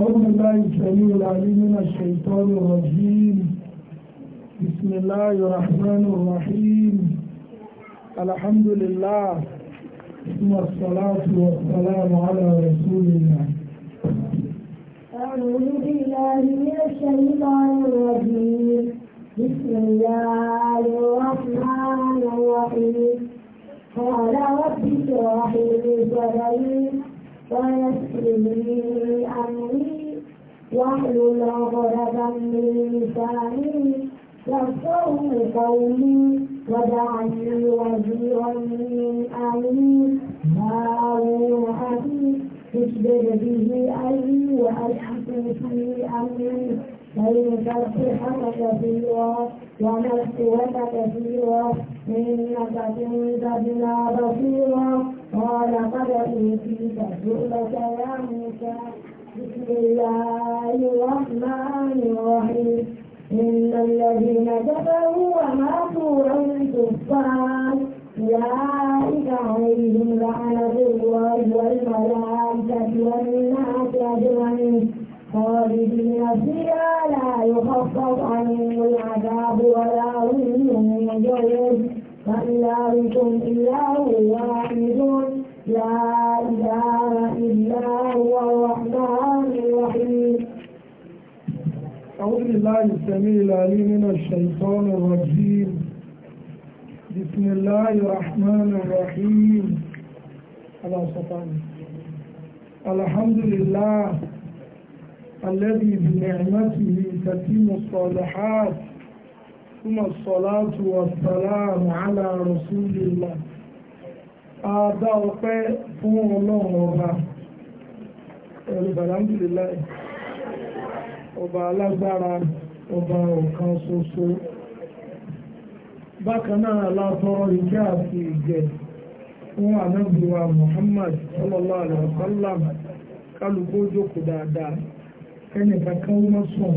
أعوذ بالله السميع العليم من الشيطان الرجيم بسم الله الرحمن الرحيم الحمد لله ثم الصلاة والسلام على رسول الله أعوذ بالله من الشيطان الرجيم بسم الله الرحمن الرحيم قال رب اشرح لي صدري ويسر لي أمري واحلل عقدة من لساني يفقهوا قولي واجعلني وزيرا من أهلي هارون أخي اشدد به أهلي وأشحكم في أمري فلنسبحك كثيرا ونذكرك كثيرا إنك كنت بنا بصيرا قال قد أوتيت سؤلك يا موسى بسم الله الرحمن الرحيم إن الذين كفروا وماتوا عن الكفار أولئك عليهم لعنة الله والملائكة والناس أجمعين خالدين فيها لا يخفف عنهم العذاب ولا هم ينجون فإلهكم إله واحد لا إله بالله السميع العليم من الشيطان الرجيم بسم الله الرحمن الرحيم على سطان الحمد لله الذي بنعمته تتم الصالحات ثم الصلاة والسلام على رسول الله أدعو فيه فون الله أرد الحمد لله ọba alágbára ọba ọ̀kan ṣoṣo bákan náà àti ìjẹ fún anábìwa Muhammad sallallahu alaihi wasallam kálukú jókòó dáadáa kẹ́ni kankan wọ́n sùn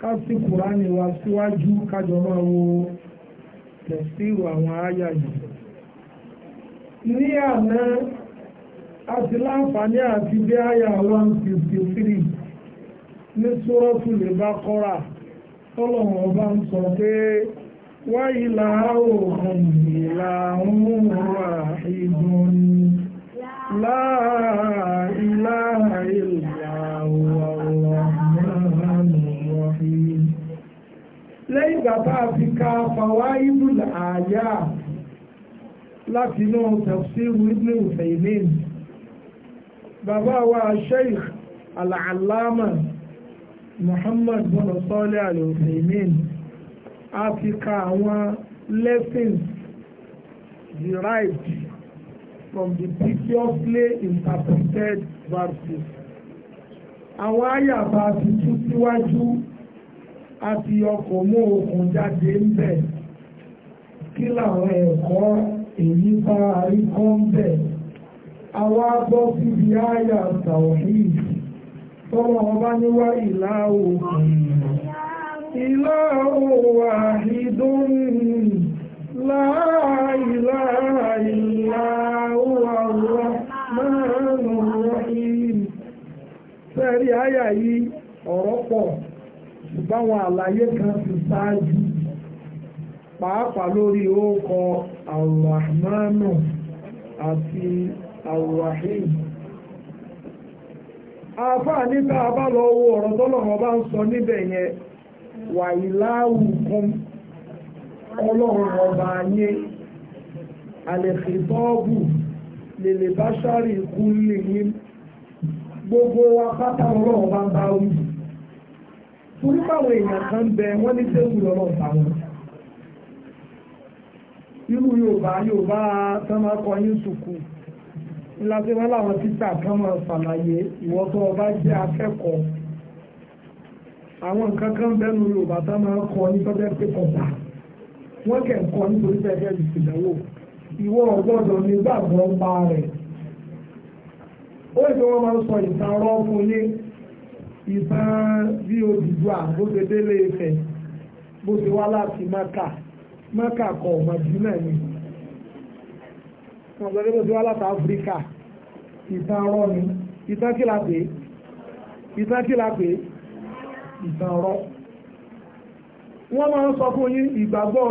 ká sí kùránì wa síwájú kájọ máa wo àwọn àyà yìí ní àná láǹfààní àti bí ní sọ́rọ́tù lè bá kọ́ra ọlọ́run ọba ń sọ pé wáyé láàrùn ìlàrún wà ìdùn láàrínláà lẹ́yìn bàbá àfikà fàwá ìbùlà àyà láti inú tafsiru ibn Uthaymeen bàbá wa sheikh al Muhammad bọ́lá sọ́ọ́lẹ̀ àlòfèémìn a fi ka àwọn lessons derived from the previously interpreted verses àwọn àyàbá ti tú síwájú àti ọkọ̀ mú okùn jáde ń bẹ̀ kí làwọn ẹ̀kọ́ èyí bá rí kọ́ ń bẹ̀ àwọn agbọ́ àyà tàwọn yìí tọ́wọ́ ọba níwá ìlà òkun ìlà òwà ìdún láàìlà ìlà òwà òwà márùn-ún rọ́ìm fẹ́rí àyà yìí ọ̀rọ̀ pọ̀ ṣùgbọ́n àlàyé kan ti ṣáájú pàápàá lórí àti àfáà níta bá lọ wo ọ̀rọ̀ tọ́lọ̀rọ̀ bá ń sọ níbẹ̀ yẹn wà ìláhùnkún ọlọ́run ọba ayé àlẹ̀fẹ̀tọ́ọ̀bù lèlè bá ṣáàrì ikú lè ní gbogbo wa pátá ọlọ́run bá bá wù torí báwọn èèyàn kan bẹ wọ́n ní sẹ́wù lọ́lọ́run táwọn irú Yorùbá Yorùbá tán máa kọ yín sùkúù ìlàsíwá láwọn títà kan máa ṣàlàyé ìwọ tó o bá jẹ́ akẹ́kọ̀ọ́ àwọn nǹkan kan bẹ́nu Yorùbá tá máa ń kọ ní tọ́jẹ́ pé kọ̀ọ̀tà wọ́n kẹ̀ ń kọ nítorí tẹ́jẹ́ ìsìnlẹ̀wò ìwọ ọ̀gbọ́dọ̀ nígbàgbọ́ ń pa rẹ̀ ó ìfẹ́ wọn máa ń sọ ìtàn ọ̀rọ̀ fún yín ìtàn bí Odùduwà bó ṣe délé Ifẹ̀ bó ṣe wá láti Mákà Mákà kọ̀ Mádínà ni ọ̀gbẹ́gbẹ́ tó ti wá láti áfíríkà ìtàn ọ̀rọ̀ ni ìtàn kí la pè ìtàn kí la pè ìtàn ọ̀rọ̀ wọ́n máa ń sọ fún yín ìgbàgbọ́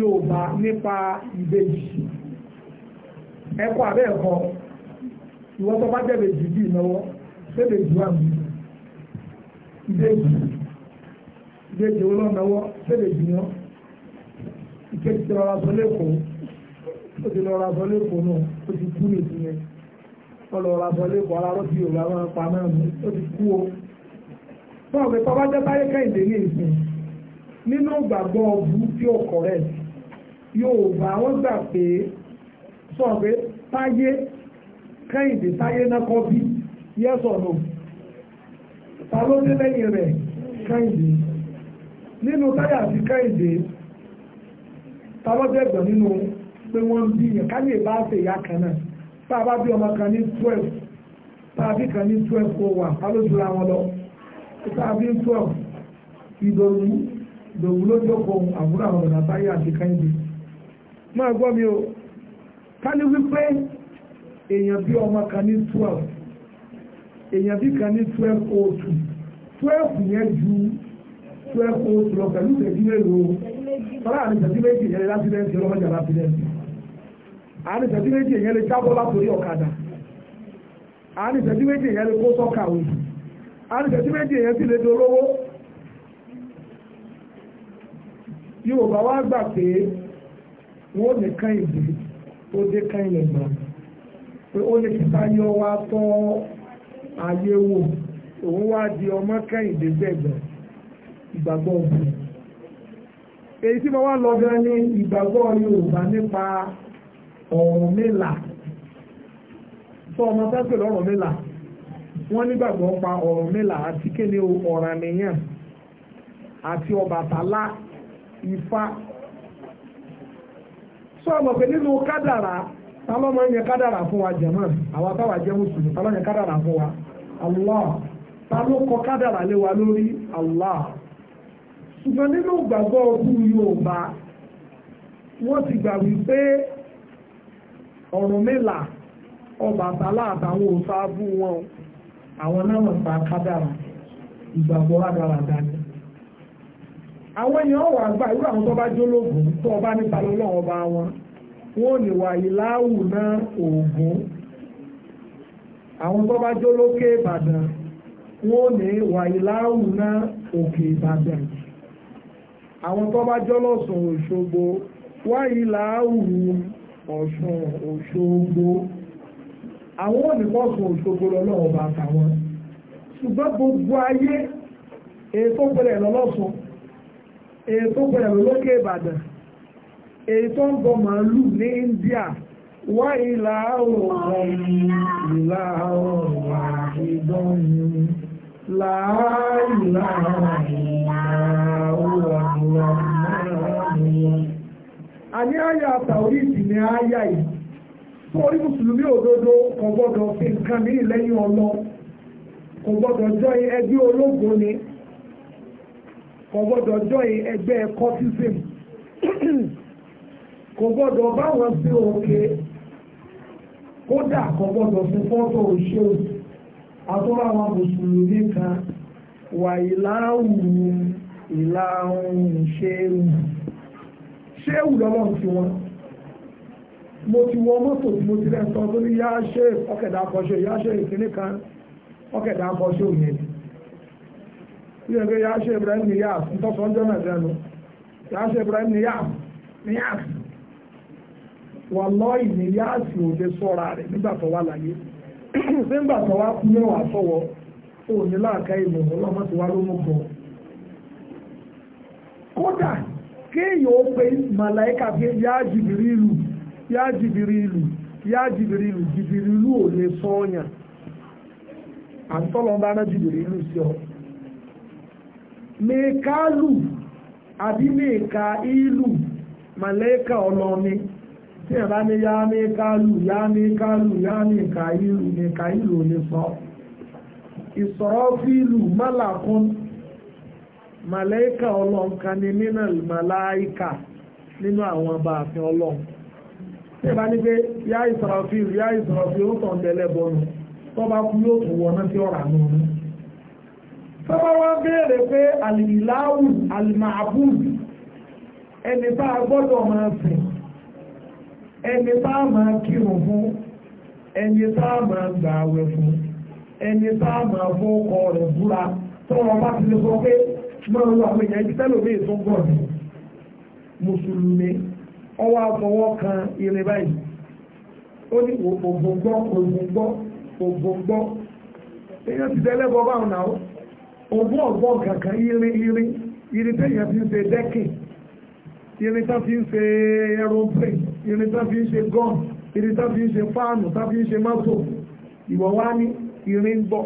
Yorùbá nípa ìbejì ẹ̀kọ́ abẹ́ ẹ̀kọ́ ìwọ́n tó bá jẹ́bejì bí ìnáwó ṣébejì wà mí ìbejì ìbejì olóńdáwó ṣébejì wọn ìkejì tí wọn sọ lẹ́kọ̀ọ́ ó ti lọ ra aṣọ lẹ́kọ̀ọ́ náà ó ti kú nìkú yẹn wọ́n lọ ra aṣọ lẹ́kọ̀ọ́ ara rọ́bì òwúrọ̀ àwọn apá náà mú ó ti kú o. báwo pé tọ́ba jẹ́ táyé kẹ́hìndé ní ìsìn nínú ìgbàgbọ́ ọ̀bù tí ó kọ̀rẹ́ yóò bá wọ́n gbà pé sọ pé táyé kẹ́hìndé táyé náà kọ́ bí yes or no ta ló dé lẹ́yìn rẹ̀ kẹ́hìndé nínú táyà àti kẹ́hìndé ta ló jẹ́ ẹ̀gbọ́n nínú pé wọ́n ń bíyàn ká lè bá ṣe ìyá kan náà tá a bá bí ọmọ kan ní twelve tá a bí kan ní twelve kó wà ká ló wọn lọ tá a bí twelve ìdòwú ìdòwú ló jókòó àbúrò àwọn ọ̀nà táyé àti kẹ́hìndé máa gbọ́ mi o ká ní wípé èèyàn bí ọmọ kan ní twelve èèyàn bí kan ní twelve oh two yẹn ju twelve oh lọ pẹ̀lú ìṣẹ́jú mélòó tọ́lá ìṣẹ́jú méjì yẹn lásìlẹ́ǹsì ọlọ́mọdé àlásìlẹ́ǹsì àárín ìṣẹ́jú méjì èèyàn lè jábọ́ látòrí ọ̀kadà àárín ìṣẹ́jú méjì èèyàn lè kó sọ́kàwé àárín ìṣẹ́jú méjì èèyàn sì lè dolówó Yorùbá wá gbà pé wọ́n lè kán ìdí ó dé kán ilẹ̀ gbà pé ó lè kíta yọ wá tọ́ ayé wò òun wá di ọmọ kẹ́hìndé gbẹ̀gbẹ̀ ìgbàgbọ́ òbí èyí tí mo wá lọ gan ní ìgbàgbọ́ Yorùbá nípa ọ̀rùn mélà sọ ọmọ sáfẹ́ lọ́rùn mélà wọ́n nígbàgbọ́ pa ọ̀rùn mélà àti kéde ọ̀rànìyàn àti ọbàtálá ifá sọ ọmọ pé nínú kádàrà tálọ́ máa ń yẹ kádàrà fún wa jẹ̀mọ́ àwọn táwa jẹ́ mùsùlùmí tálọ́ yẹ kádàrà fún wa Allah ta ló kọ kádàrà lé wa lórí Allah ṣùgbọ́n nínú ìgbàgbọ́ ọdún Yorùbá wọ́n ti gbà wípé Ọ̀rúnmìlà Ọbàtálá àtàwọn òṣàbù wọn àwọn náà ń pa kádàrà ìgbàgbọ́ rádaràdà ni. àwọn èèyàn wà gbà irú àwọn tó bá jólógún tó ọba nípa lọ́wọ́ ọba wọn wọn ò ní wà ìláwù náà òògùn àwọn tó bá jólókè Ìbàdàn wọn ò ní wà ìláwù náà òkè Ìbàdàn àwọn tó bá jọ́lọ́sùn Òṣogbo wáyìí làáwù ọ̀ṣun òṣogbo àwọn ònìkọ́sùn òṣogbo lọ́lọ́wọ́ bá tàwọn ṣùgbọ́n gbogbo ayé èyí tó gbẹ̀rẹ̀ lọ́lọ́sùn èyí tó gbẹ̀rẹ̀ lókè ìbàdàn èyí tó ń bọ màálù ní India wá ìlà oòrùn ìlà oòrùn àìdánù láàá ìlà oòrùn Anyị àyà tàwíìtì ní àyà yìí Aya ya. mùsùlùmí òdodo ododo gbọ́dọ̀ fi nǹkan ọlọ kò jọị ẹgbẹ́ ni kò ẹgbẹ́ kọfífìm báwọn sí òkè kódà kò fi fọ́tò àtúrà àwọn kan wà ṣéwù lọ́lọ́run fi wọn mo ti wọ mọ́tò tí mo ti rẹ̀ sọ tó ní yá ṣe ya akọ́ṣe yá ṣe ìkíní kan ọkẹ̀dà akọ́ṣe òye ni ya ẹgbẹ́ yá ṣe Ibrahim Niyas ntọ́sọ́ ọjọ́ náà ya yá ṣe Ibrahim wà lọ́ọ̀yì ní òde sọ́ra rẹ̀ nígbà tó wà láyé ṣé ńgbà tó wà kú mẹ́wàá ìmọ̀ kódà keenye kenyogbe malaika dị ya jibiri ilu ya jibiri ilu ya jibiri ilu jibiri ilu ole sọọnya atọlọmba na jibiri ilu si ọ Meika lụ adị n'ịka ilu malaika ọ nọ nị, tụnyere ya meika lụ ya meika lụ ya n'ịka ilu ole sọọ isọrọ ofe ilu malaika ọ màláíkà ọlọ́run kan ní nínà màláíkà nínú àwọn ọba àfin ọlọ́run tí ìbá ní pé yá Israfil yá Israfil ó tàn tẹ́lẹ̀ bọ́nu tó bá kú yóò tún wọná sí ọ̀rọ̀ àánú ni. sọ́bà wá béèrè pé alìláwù alìmàbùd ẹni tá gbọ́dọ̀ máa sìn ẹni tá máa kírun fún ẹni tá a máa gbààwẹ̀ fún ẹni tá máa fọ́ rẹ̀ búra tọ́wọ́ bá ti lè sọ pé ṣùgbọ́n wọn àwọn èèyàn ibi tẹ́lómi ìtún bọ̀ ní mùsùlùmí ọwọ́ àfọwọ́ kan irin báyìí ó ní ògbóngbọ́ ògbóngbọ́ ògbóngbọ́ èèyàn ti tẹ́lẹ́bọ̀ báwọn náà ògbó ọ̀gbọ́ kankan irin irin irin téèyàn fi ń ṣe dẹ́kìn irin tá fi ń ṣe aeroplane irin tá fi ń ṣe gọ́ọ̀nù irin tá fi ń ṣe fáànù tá fi ń ṣe mọ́tò ìwọ̀ wá ní irin gbọ́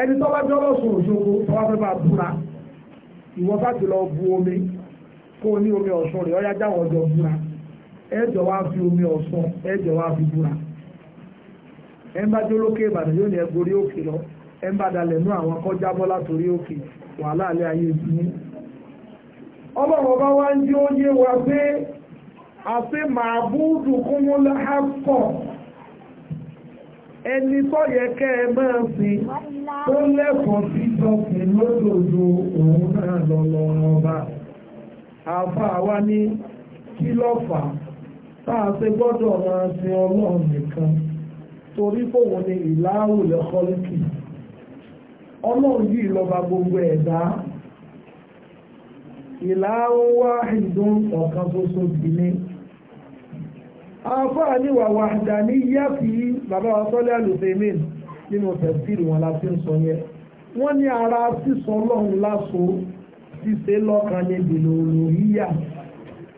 ẹni tó bá jọ́ lọ́sùn òṣogbo tó fẹ́ máa búra ìwọ́n bá ti lọ bu omi kó o ní omi ọ̀ṣun rẹ̀ ọ̀yá jáwọ́ ọjọ́ búra ẹ̀jọ̀ wá fi omi ọ̀ṣun ẹ̀jọ̀ wá fi búra ẹ̀ bá lókè lọ bá dalẹ̀ nú àwọn kọjá bọ́ látòrí òkè wàhálà alẹ́ ayé ọba ń jẹ́ wa pé ẹni tó yẹ kẹ́ ẹ máa fi tó lẹ́kọ̀ọ́ sí jọkùn lódòdó òun náà lọ́lọ́ ọba àfa wa ní kí lọ́fà tá a ṣe gbọ́dọ̀ máa sin ọlọ́run nìkan torí fóun ni ìlàáwò lẹ́kọ́lùkì ọlọ́run yìí lọ́ba gbogbo ẹ̀dá ìlàáwò wá ìdún ọ̀kan ṣoṣo sí ni àfáà ní wà wàdà ní yáfi bàbá wa sọ́lẹ̀ àlùfẹ́mìn nínú tẹ̀síìrì wọn la fi ń sọ yẹn wọ́n ní ara sísọ ọlọ́run láso ṣíṣe lọ́kàn ní ìdènà olóríyà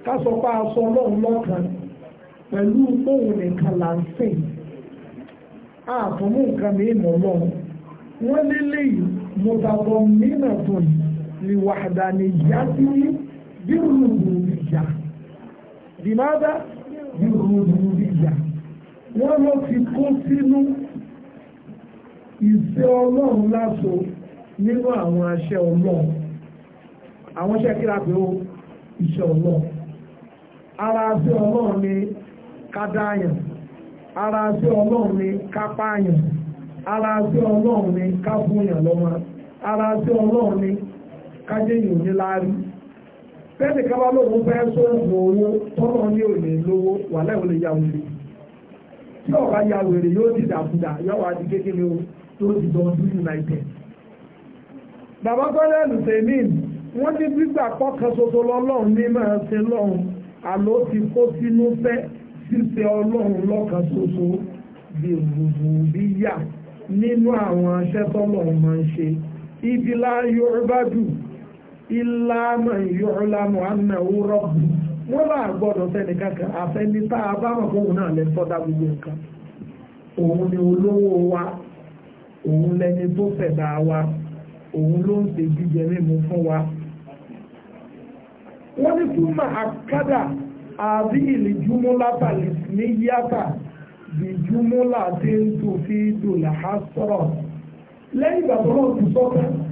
kásọpá aṣọ ọlọ́run lọ́kàn pẹ̀lú òun nìkan là ń sìn àtúnmú nǹkan mìíràn lọ́run wọ́n lélẹ̀ yìí mọ̀tàbọ̀ mìíràn tó ní wàdà ní yáfi bí rúbù ìyá. Bimada yóò rú ìyá wọ́n ló fi kó sínú ìṣe ọlọ́run láṣọ nínú àwọn aṣẹ ọlọ́run àwọn iṣẹ́ kíra pé ó iṣẹ́ ọlọ́run ara aṣẹ ọlọ́run ni ká dáyàn ara aṣẹ ọlọ́run ni ká pààyàn ara aṣẹ ọlọ́run ni ká fúnyàn lọ́mọ ara aṣẹ ọlọ́run ni ká jẹ́yìn tẹ́lẹ̀ ká wá lóun fẹ́ sóògùn owó tọ́nà ní òní lówó wà láì wọlé ya wèrè tí ọ̀gá ya wèrè yóò di dàkúdà yóò wá di kékeré o yóò di dundun united. bàbá gbọ́dọ̀ lùsẹ̀mìn wọ́n ti gbígbà pọ́kàn ṣoṣo lọ́lọ́run ní máa ṣe lọ́run àló ti kó sínú fẹ́ ṣíṣe ọlọ́run lọ́kàn ṣoṣo bí gbùgbù bí yà nínú àwọn aṣẹ́tọ́lọ́run máa ń ṣe ibi láyọ̀ rẹ́bàdù ìlànà ìyọ̀ọ́lámọ̀ àmì òwúrọ̀ wọ́n bá gbọ́dọ̀ àfẹ́ni a bá mọ̀ fóun náà lẹ sọ́dá gbogbo nǹkan òun ni olówó wa òun lẹni tó ṣẹ̀dá wa òun ló ń ṣe jíjẹ mímu fún wa. wọ́n ní túmọ̀ àkádà àbí ìlìjúmọ́lá tàlẹ́ ní yíyàtà ìjúmọ́lá tí ń fi dùlà á sọ̀rọ̀ lẹ́yìn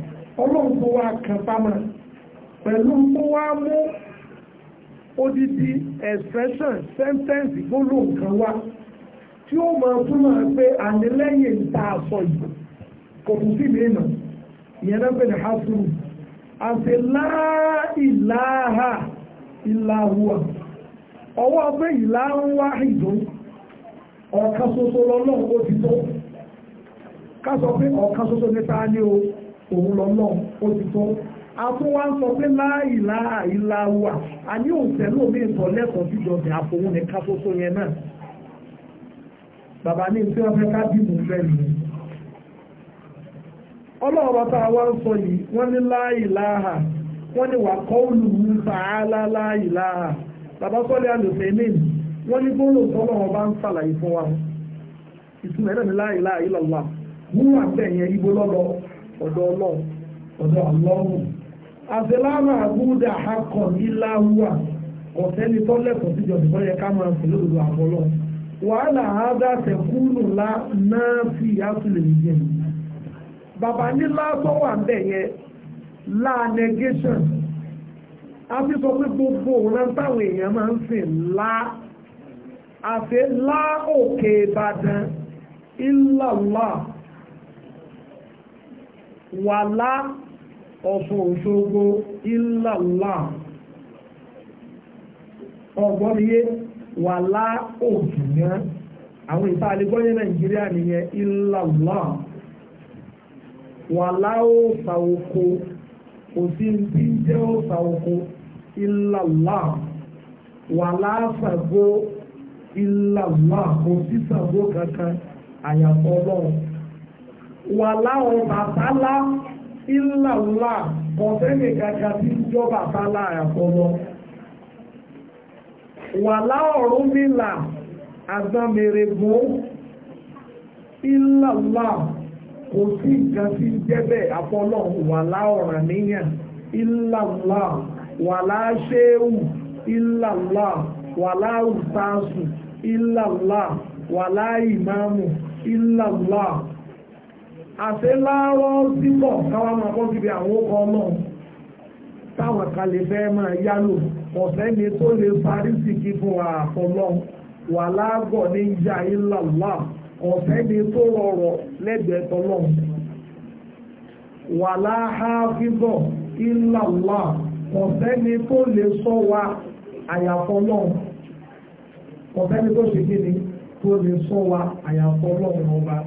pẹ̀lú mú wá mú odidi expression sentence gbólóhùn kan wá tí ó máa túmọ̀ pé ànílẹ́yìn tá a sọ yìí kò tún sí mìíràn ìyẹn náà bẹ̀rẹ̀ hásùrù àti láìláha ìlàhùwà ọwọ́ pé ìlàhùn wá ìdùn ọ̀kan ṣoṣo ó ti tó ká sọ pé ọ̀kan ṣoṣo nípa ní òun lọ́lọ́run ó ti tó afuwa wa ń sọ pé láìlá àìlá wà a ní òǹtẹ̀ ló mi sọ lẹ́kọ̀ọ́ jíjọ ní àfòun ní ká yẹn náà bàbá ní tí wọ́n ká bí mú fẹ́ mi wa ń sọ yìí wọ́n ní láìlá hà wọ́n ní wà kọ́ olùwù sàálà láìlá hà bàbá sọ́lé àlùfẹ́ mi wọ́n ní gbọ́dọ̀ sọ́lọ́ wọn ń sàlàyé fún wa ìtumọ̀ ẹ̀rọ ní láìlá àìlá wúwà bẹ́ẹ̀ yẹn ibo lọ́lọ́ àṣeláàmà àbúdà akọ̀ nílá wà yẹ ká máa fi lódodo wàhálà àádá náà fi àtúlẹ̀ bàbá nílá tó wà ń bẹ̀ yẹn lá negation a fi sọ pé gbogbo òun táwọn èèyàn máa ń sìn lá òkè ìbàdàn ìlàlá wàlá ọ̀fún òṣogbo ìlàlá ọgbọ́niyé wà láòdùnyán àwọn ìta àlegbọ́nyé nàìjíríà nìyẹn ìlàlá wà láòsà oko kò sí ti ń jẹ́ òsà oko ìlàlá wà láàfàgbó ìlàlá kò sí sàgbó kankan àyàfọ́ ọlọ́run wà láòsà ìlàlá kọ̀fẹ́lẹ̀ kàkà tí jọba bá láàrá fọwọ́ wà láọ̀rún nílà àgbàmẹ̀rẹ̀gbọ́n ìlàlá kò sí nǹkan tí jẹ́bẹ̀ àfọlọ́ wà láọ̀rán níyàn ìlàlá wà láṣẹ́wù ìlàlá wà láwùsáàsù ìlàlá wà láìmáàmù ìlàlá àti láàárọ̀ sípọ̀ káwá máa kọ́ àwọn ọkọ̀ náà táwọn lè fẹ́ máa yálò ọ̀fẹ́ ni tó lè parí sí kí fún wa wà láàgọ̀ ní ìjà ìlàlá ọ̀fẹ́ tó rọrọ̀ lẹ́gbẹ̀ẹ́ wa ọ̀fẹ́ ni tó ṣe kí ni tó lè sọ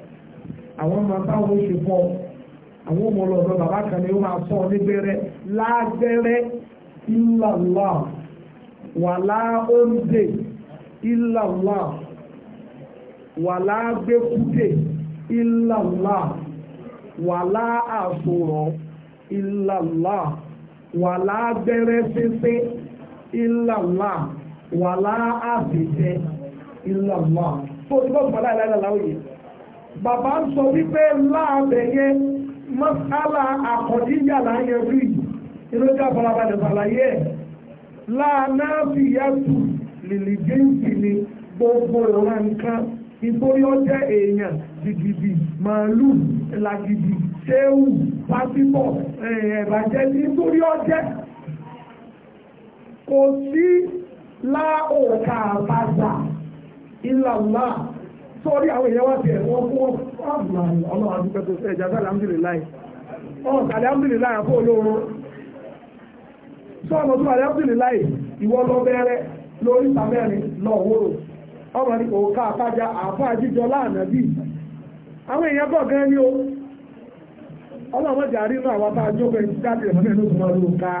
àwọn ọmọ táwọn oṣù fọ àwọn ọmọ ọlọ́dọ̀ bàbá kan ni ó máa sọ ọ nígbẹ́rẹ́ lágbẹ́rẹ́ ìlàlá wàlá oúnjẹ ìlàlá wàlá gbẹ́kúdé ìlàlá wàlá àsòrọ̀ ìlàlá wàlá gbẹ́rẹ́ fífẹ́ ìlàlá wàlá àfẹ́fẹ́ ìlàlá tó tí wọ́n fọ́ láìláìláìláwòye bàbá ń sọ wípé láàbẹ̀yẹ mọ́sálà àkọ́díyà láyé rí ìrọ́jà farabalẹ̀ fàlàyé ẹ̀ láàánà fi yàtù lìlì jíǹsì ni gbogbo ìran nǹkan ìgbórí ọjẹ́ èèyàn jìgìdì màálù làgìdì séwù pásítọ̀ eh, ẹ̀bàjẹ́ nítorí ọjẹ́ kò sí láòkà àbàzà ìlàlá sọ́ọ́rí àwọn èèyàn wá tẹ̀ wọ́n fún fún ọlọ́run àdúgbò tó sẹ́jà sí alhamdulilayi ọ̀n sàlẹ̀ alhamdulilayi àpò olóró sọ́ọ̀nà tó sàlẹ̀ alhamdulilayi ìwọ lọ bẹ̀rẹ̀ lórí sàmẹ́rin lọ wóró ọmọ ní òkà àpájá àpá àjíjọ àwọn èèyàn bọ̀ gan ni jáde òkà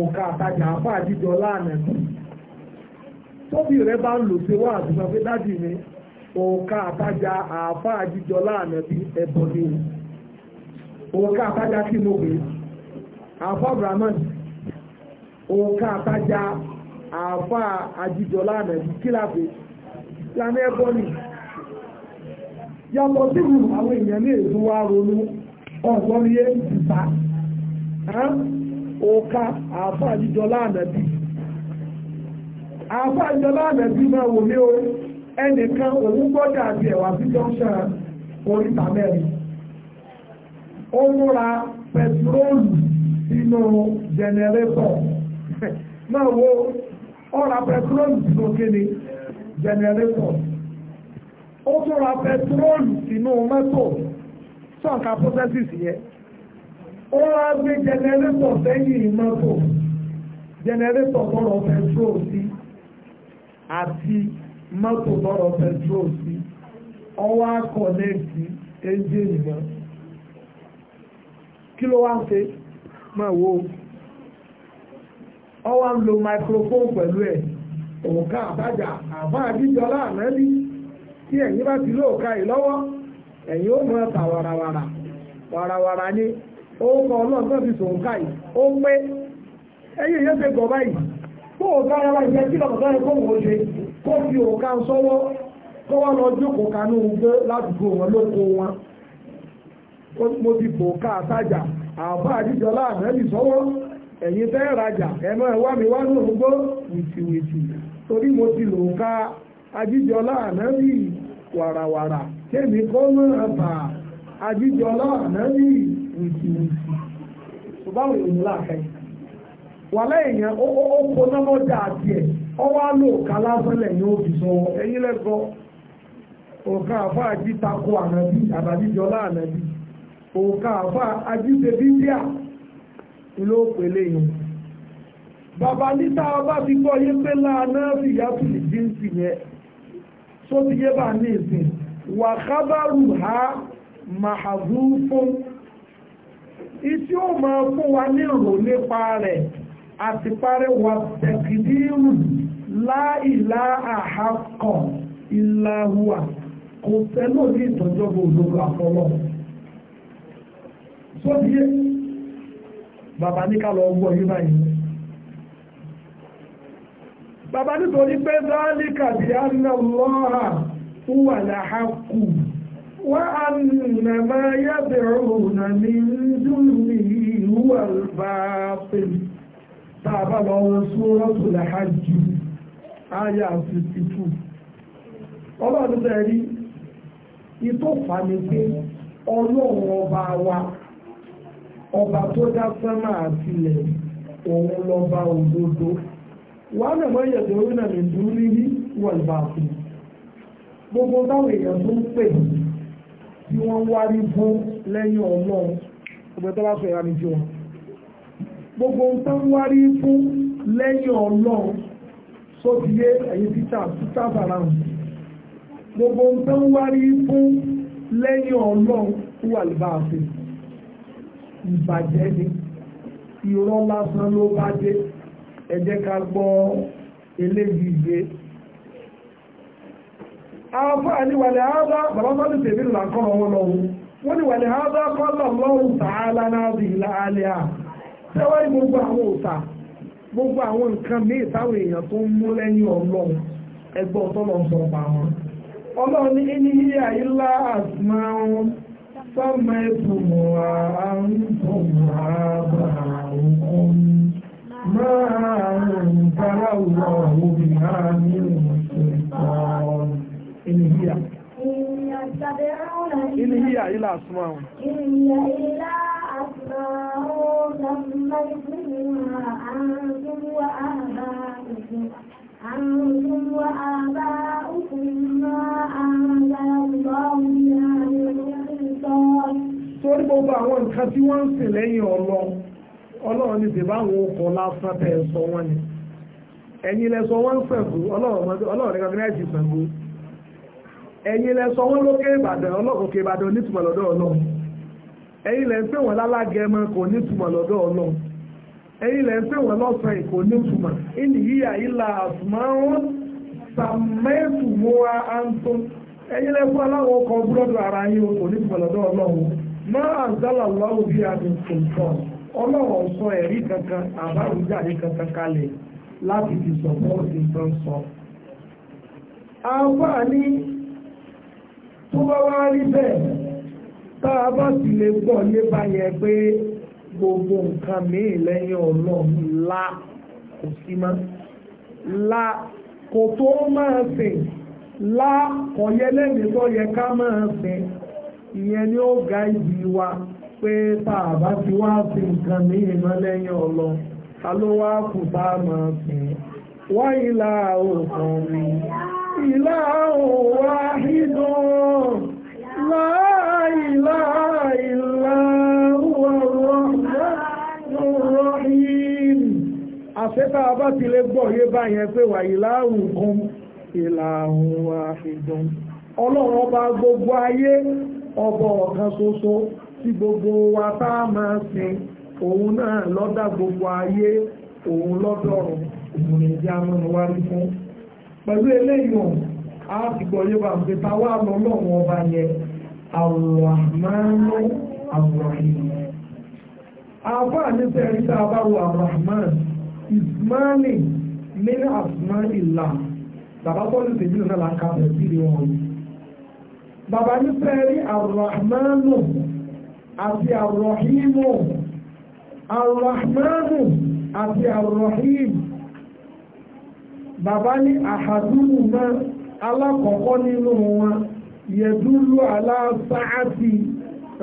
òkà àpá àjíjọ tóbi rẹ bá ń òǹkà àtàjà àáfàá àjíjọ láàmẹ́bí ẹ̀bọ̀ ni òǹkà àbájá kí kí láàpẹ́ ìlànà àwọn èèyàn ní èdè wa ronú ọ̀gbọ́n ní èdè òǹkà àáfàá àjíjọ láàmẹ́bí àáfàá àjíjọ ẹnìkan òun gbọ́dọ̀ àti ẹ̀wà sí junction oríta mẹ́rin ó múra pẹtrólù sínú jẹnẹrétọ̀ náà wo ọ̀rà pẹtrólù sínú kíni jẹnẹrétọ̀ ó tún ra pẹtrólù sínú mọ́tò sọ̀ka processes yẹn ó wá gbé jẹnẹrétọ̀ sẹ́yìn mọ́tò jẹnẹrétọ̀ tọrọ pẹtrólù sí àti mọ́tò gbọrọ petrol sí ọwọ́ akọ̀lẹ́ẹ̀tì ẹ́ńjìnì kí ló wá ń ṣe wo ọwọ́ ń pẹ̀lú ọka òǹkà àbá àdíjọlá ànábí tí bá ti lóòka yìí lọ́wọ́ ẹ̀yin ó mọ ta warawara warawara ni ó kọ ọlọ́ọ̀tọ́ fi yìí ó pé yóò ṣe báyìí tó òkà yàrá ìfẹ́ kí lọ́pọ̀ ya yẹ kó wò ṣe kó fi òkà sọ́wọ́ kó wọ́n lọ jókòó kanú gbé wọn lóko wọn mo ti bò ká àtàjà àbá àdíjọlá àmẹ́lì sọ́wọ́ ẹ̀yin fẹ́ rajà ẹ̀mọ́ ẹwà mi wá ní wìtìwìtì torí mo ti lò ká wàràwàrà kémi bà wàlẹ́ èèyàn ó kó nọ́mọ́ dà àti ẹ̀ ọ wá lò ká lẹ́yìn ó sọ ẹ̀yìn lẹ́gbọ́ òkà àfa àjí ànábì àbàbí ànábì òkà àfa àjí bíbíà ló pèlè yẹn bàbá níta ti gbọ́ yé pé láàánú tó ha fún ìtí ó máa fún wa ní ìrò nípa rẹ̀ àti parẹ́ wà tẹ̀kìdírù láìlá àhákọ̀ ìlàhùwà kò tẹ́lò ní ìtọ́jọ́ gbogbo àfọlọ́ sóbíyé bàbá ní ká lọ wọ yí báyìí bàbá nítorí pé dáálíkà bí a nà lọ́ra wà láhákù wọ́n á nà máa yàbẹ̀rún nà ní dúnmí wà tàbá lọ wọn súnrọ́tò lẹ́hájú àyà 52 ọlọ́run tẹ́ rí ìtò fàmì pé ọlọ́run ọba wa ọba tó dá sánmà àtìlẹ̀ òun lọ́ba òdodo wọ́n náà mọ́ ìyẹ̀dẹ̀ orí náà nìdú níbi wọ̀lbàfù gbogbo táwọn èèyàn tó ń pè tí wọ́n wárí fún lẹ́yìn ọlọ́run ọgbẹ́tọ́ bá sọ ìrànlẹ́jọ́ wọn gbogbo ń tán wárí fún lẹ́yìn ọlọ́run sóbìyé ẹ̀yìn títà títà gbogbo ń tán wárí fún lẹ́yìn ọlọ́run wà lùbáàfẹ́ ìbàjẹ́ ni irọ́ lásán ló bá dé afọ ká gbọ́ eléyìí gbé àfáà ní sẹ́wárí gbogbo àwọn òòtà gbogbo àwọn nǹkan míì táwọn èèyàn tó ń mú lẹ́yìn ọlọ́run ẹgbẹ́ ọ̀tọ́lọ̀ ń sọ̀rọ̀ wọn. ọlọ́run ní ní ilé ayé lá máa ń bára wọ òbí náà ní ìmọ̀sán ìnìyà. ìnìyà ilá àtúmọ̀ ilá àtúmọ̀ استكبرتم أنتم وآباؤكم أنتم وآباؤكم ما أنزل الله بها من torí gbogbo àwọn nǹkan tí wọ́n ń sìn lẹ́yìn ọlọ ọlọ́run ní bèbá àwọn okọ̀ lásán tẹ̀ sọ wọ́n ni ẹ̀yin lẹ́sọ wọ́n ń sẹ̀gbó ọlọ́run rẹ́gọ́gínẹ́sì sẹ̀gbó ẹ̀yin lẹ́sọ wọ́n lókè ìbàdàn ọlọ́run ìbàdàn onítùmọ̀ lọ́dọ̀ ọlọ́run ẹ̀yin lẹ́ ń pè wọ́n lálágẹmọ kò ní túmọ̀ lọ́dọ̀ ọlọ́run ẹ̀yin lẹ́ ń wọ́n lọ́sàn kò ní túmọ̀ ìní yíyà ìlà àtùmáwọn sàmẹ́tùmọ́wá àǹtó ẹ̀yin lẹ́ fún aláwọ̀ ọkọ̀ búrọ́dù ara yín kò ní túmọ̀ lọ́dọ̀ ọlọ́run ma àǹtálà lọ́wọ́ bí adùnkùnkọ̀ ọlọ́run sọ ẹ̀rí kankan tá a bá sì lè gbọ́ yé báyẹn pé gbogbo nǹkan míì lẹ́yìn ọlọ́run la kò sí mọ́ la kò tó máa sìn la kò yẹ lẹ́mìí tó yẹ ká máa sìn ìyẹn ni ó ga ìdí wa pé tá a bá ti wá sìn nǹkan míì mọ́ lẹ́yìn ọlọ́run ta ló wá kù tá a máa sìn wá ìlà òkàn mi ìlà òwà hídùn láà. إله إلا هو الرحمن الرحيم àṣẹ́ta bá ti lè gbọ́ yé báyẹn pé wà ìlàhùn kan ìlàhùn àfihàn ọlọ́run ọba gbogbo ayé ọba ọ̀kan ṣoṣo tí gbogbo wa tá a máa sìn òun náà lọ́dá gbogbo ayé òun lọ́dọ̀rùn òun lè jẹ́ amúnú wá rí fún pẹ̀lú eléyìí ọ̀hún a ti gbọ́ yé bá ń pè táwa lọ́lọ́run ọba yẹn àwòránmánú àwòrán àbá nípa ẹni tá a bá wo àwòrán ìsmáàlì nínú àsmáàlì là bàbá bọ́ọ̀lù tèmi náà là ń ka bẹ̀rẹ̀ sí wọn bàbá nípa ẹni àwòránmánú àti àwòránmú àwòránmánú àti àwòrán bàbá ní àhàdúrù náà alákọ̀ọ́kọ́ nínú wọn yẹ̀dúrú aláṣáàtì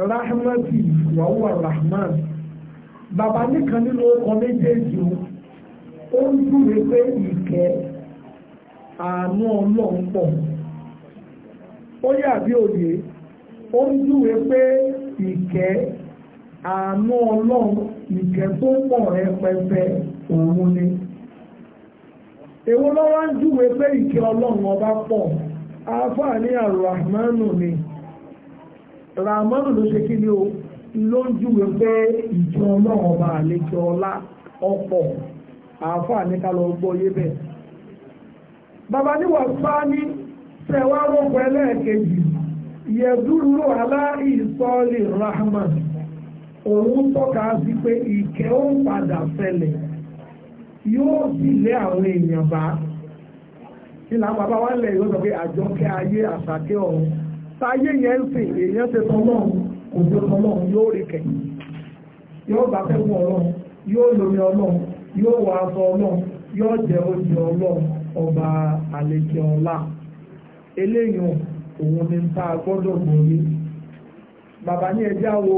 rahmati wàhùwà rahman bàbá nìkan nínú ọkọ̀ méjèèjì ó ń dúwe pé ìkẹ́ àánú ọlọ́run pọ̀ ó yà bí òye ó ń dúwe pé ìkẹ́ àánú ọlọ́run ìkẹ́ tó pọ̀ rẹpẹpẹ òun ni èwo lọ́wọ́ ń dúwe pé ìkẹ́ ọlọ́run ọba pọ̀ àáfàá ní àrùràmánù ni ràmánù ló ṣe kí ni o ló ń júwe pé ìjọ náà ọba àlejò ọlá ọ̀pọ̀ àáfàá ní ká lọ gbọ́ yé bẹ́ẹ̀. bàbá níwà sá ní tẹwàá rọ́pọ̀ ẹlẹ́ẹ̀kejì yẹ̀dúró aláìsọ́ọ̀lì rahman òun tọ́ka sí pé ìkẹ́ ó padà fẹlẹ̀ yóò sì lé ìlà bàbá wa lẹ̀ yóò sọ pé àjọkẹ́ ayé àṣàkẹ́ ọ̀run táyé yẹn ń sìn èèyàn ṣe tọlọ́run kò jọ tọlọ́run yóò rí kẹ̀ yóò bá fẹ́gun ọlọ́run yóò lómi ọlọ́run yóò wọ aṣọ ọlọ́run yóò jẹ oúnjẹ ọlọ́run ọba àlejò ọlá eléyìí òun ni ta gbọ́dọ̀ gbòye bàbá ní ẹjá wo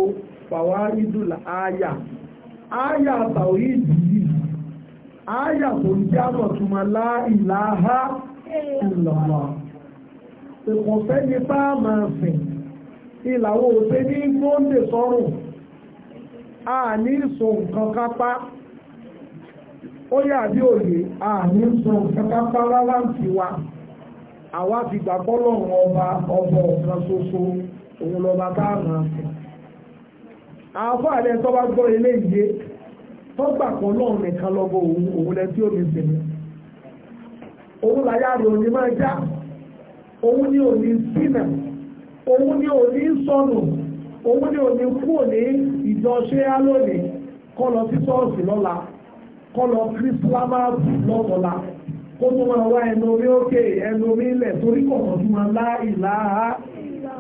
fàwa ìdúlà ááyà ááyà tàwí ìdí yìí ááyà tó ń jámọ̀ túmọ̀ láìláha ìlọ̀mọ̀ ìkùn sẹ́ni bá máa sìn ìlàwọ̀ òṣè ní gbóǹdè sọ́rùn a ní ìsò nǹkan kápá ó yà bí òye a ní ìsò nǹkan kápá rárá ń fi wa àwa ti gbàgbọ́ lọ́rùn ọba ọba ọ̀kan ṣoṣo òun lọ́ba tá a máa sìn àwọn àlẹ́ tó bá gbọ́ eléyìí tó gbàgbọ́ lọ́rùn nìkan lọ́gbọ́ òun òun lẹ́ tí ó lè sìn òun láyá rẹ̀ òní máa já òun ni òní sínà òun ni òní sọnù òun ni òní kú òní ìjọṣe á lónìí kọ́ lọ sí ṣọ́ọ̀ṣì lọ́la kọ́ lọ kírísílámàsì lọ́tọ̀la kó tó máa wá ẹnu omi òkè ẹnu omi ilẹ̀ torí kọ̀ọ̀kan tó máa lá ìlàhà